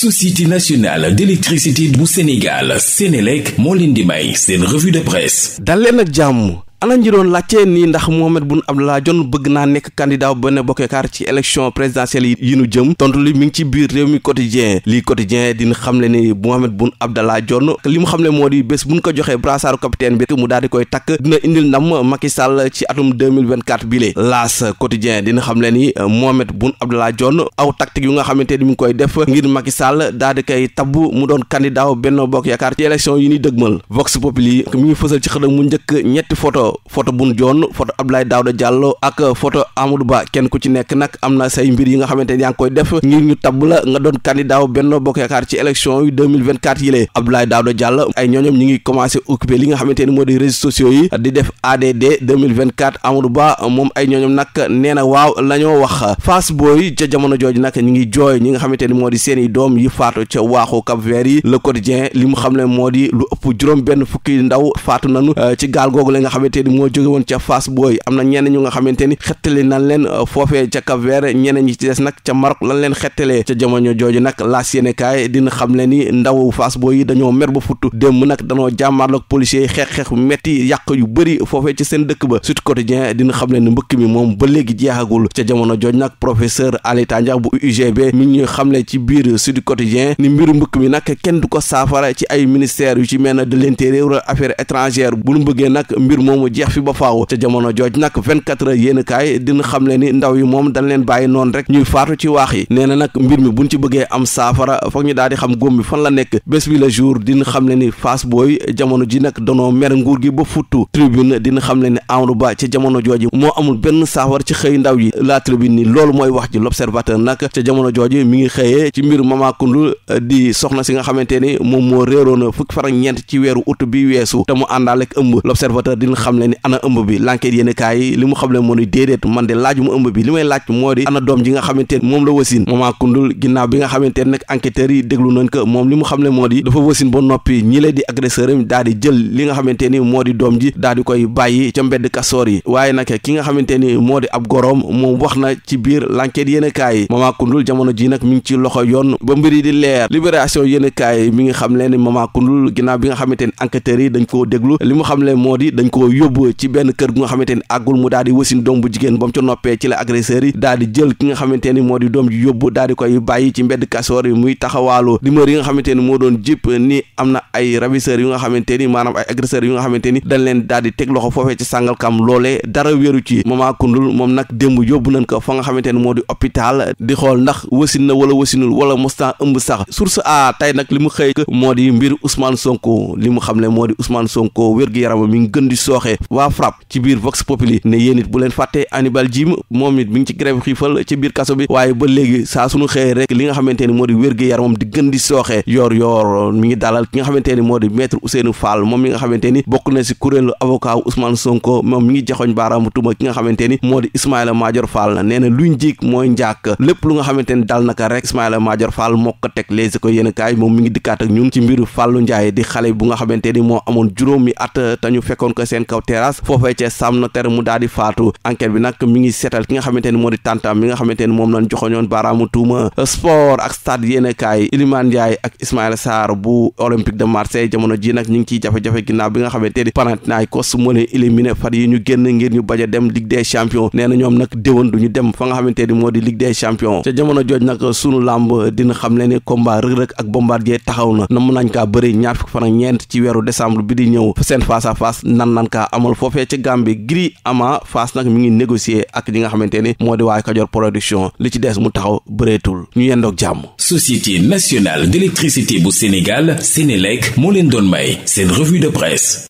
société nationale d'électricité bu Sénégal Sénélec moo leen di may seen revue de presse dal leen ak jàmm ana ñi doon laajte nii ndax Mahammed Boun Abdallah Dionne bëgg naa nekk candidat Benno Bokk Yaakaar ci élection présidentielle yi nu jëm tontu li mi ngi ci biir réew mi quotidien lii quotidien dina xam le ni Mahammed Boun Abdallah Dionne li mu xam le moo di bés bu buñ ko joxee brassaaru capitaine bi mu daal di koy takk dina indi ndam Macky Sall ci atum 2024 bi lee laas quotidien dina xam le ni Mahammed Boun Abdallah Dionne aw tactique yu nga xamante ni mu ngi koy def ngir Macky Sall daal di koy tabb mu doon candidat Benno Bokk Yaakaar ci élection yi ñuy dëgmal Vox Populi mi ngi fësal ci xëdam mu njëkk photo Boun Dionne photo Abdoulaye Daouda Diallo ak photo Amadou Ba kenn ku ci nekk nag am na say mbir yi nga xamante ne yaa ngi koy def ngir ñu tabb la nga doon candidat wu Benno ci élection yi lee Abdoulaye Daouda Diallo ay ñooñom ñi ngi Ba moom ay ñooñom nag nee na waaw la ñoo wax Fass Boy ca jamono jooju nag ñi ngi jooy ñi nga xamante ni moo di seen doom yi faatu ca waaxu Cap-Vert yi Le Quotidien li mu xam ne moo di lu ëpp juróom benn fukki ndaw faatu nanu xamante ni moo jóge woon ca Fass Boy am na ñenn ñu nga xamante ni xettali nan leen euh, foofee ca Cap Vert ñeneen ñi ci des nag ca Maroc lan leen xettalee ca jamono jooju nag laas ba futt démb xeex-xeex metti yàq yu bëri foofee ci seen dëkk ba Sud Quotidien dina xam le ni mbëkk mi moom ba léegi jeexagul ca jamono jooju nag professeur Aly Tandiang bu UGB mi ngi ñuy xamle ci biir Sud Quotidien ni mbiru mbëkk mi nag kenn du ko saafara ci ay ministères yu ci mel ne de l'intérieur mu jeex fi ba faaw ca jamono jooj nag 24 heures yéen kaay dina xam le ni ndaw yi moom dañ leen bàyyi noonu rek ñuy faatu ci waax yi nee na mbir mi buñ ci bëggee am saafara foog ñu daal di xam góom bi fan la nekk bés bi la jour dina xam ni Fass Boy jamono ji nag danoo mer nguur gi ba futtu tribune dina xam le ni Amadou Ba ca jamono jooji moo amul benn saafara ci xëy ndaw yi la tribune ni loolu mooy wax ji l'observateur nag ca jamono jooji mi ngi xëyee ci mbir Mama Koundoul di soxna si nga xamante ni moom moo réeroon fukki fan ak ñeent ci weeru bi weesu te xam le ni ana ëmb bi l'enquête yéen kaay yi ba noppi ñi le di agresseur am daal di jël li nga na ci biir l'enquête yéen kaay yi maman kundul jamono ji nag mi ngi ci loxo yoon ba mbir yi di leer libération yéen kaay mi ngi xam le ni ginnaaw bi nga xamante ni enquêteurs yi dañ koo déglu li mu xam le moo di dañ koo yóbbu yóbbu ci benn kër gu nga xamante ni àggul mu daal di wasin doom bu jigéen ba mu ca noppee ci la agresseur yi daal jël ki nga xamante moo di doom ji yóbbu daal di koy bàyyi ci mbedd kasoor yi muy taxawaalu di mër moo doon jip ni na ay ravisseurs yu nga xamante ni maanaam ay agresseurs yu nga xamante ni leen daal di teg loxo foofee ci sàngalkam loolee dara wéru ci mama kundul moom nag démb yóbbu nañ ko fa nga xamante ni moo di hôpital di xool ndax wasin na wala wasinul wala mostan ëmb sax source a tey nag li mu xëy moo di mbir Ousmane Sonko li mu xam ne moo di Ousmane Sonko wér-gi-yaramam mi ngi gën di sooxee waa FRAPP ci biir Vox Populi ne yéen it bu leen fàttee Hannibal Djim moom it mi ngi ci grève xiifal ci biir kaso bi waaye ba léegi saa suñu xëyee rek li nga xamante ni moo di wér-gi-yaramam di gën di sooxee yoor yoor ngi dalal ki nga xamante ni moo di maître Ousseynou Fall moom mi nga xamante ni bokk na si kuréelu avocat wu Ousmane Sonko moom mi ngi joxoñ baaraamu tuuma ki nga xamante ni moo di Ismaïla Madior Fall nee na luñ jiik mooy njàkk lépp lu nga xamante ni dal naka rek Ismaïla Madior Fall moo ko teg les écoles yéen kaay moom mi ngi dikkaat ak ñun ci mbiru Fallou Ndiaye di xale bu nga xamante ni moo amoon juróomi at te ñu fekkoon ko seen kaw terrasse foofee ca Sam Notaire mu daal di faatu enquête bi nag mi ngi seetal ki nga xamante ni moo di tàntam mi nga xamante ni moom lañ joxoñoon baaraamu tuuma sport ak stade yéenekaay Iliman Ndiaye ak Ismaïla Sarr bu Olympique de Marseille jamono ji nag ñu ngi ciy jafe-jafe ginnaaw bi nga xamante ni Panathinaikos moo leen éliminé far yi ñu génn ngir ñu bañ a dem Ligue des champions nee na ñoom nag déwoon duñu dem fa nga xamante ni moo di Ligue des champions ca jamono jooj nag sunu dina xam le ni combat rëg-rëg ak bombardier taxaw na namm nañ kaa bëri ñaar fukk bi di ñëw amul foofee ci Gambie Gris Ama Fass nag mi ngi négocier ak li nga xamante ni moo di waa Kajoor production li ci des mu taxaw bëreetul ñu yendoog jàmm Société nationale d'électricité bu Sénégal Sénélec moo leen doon may seen revue de presse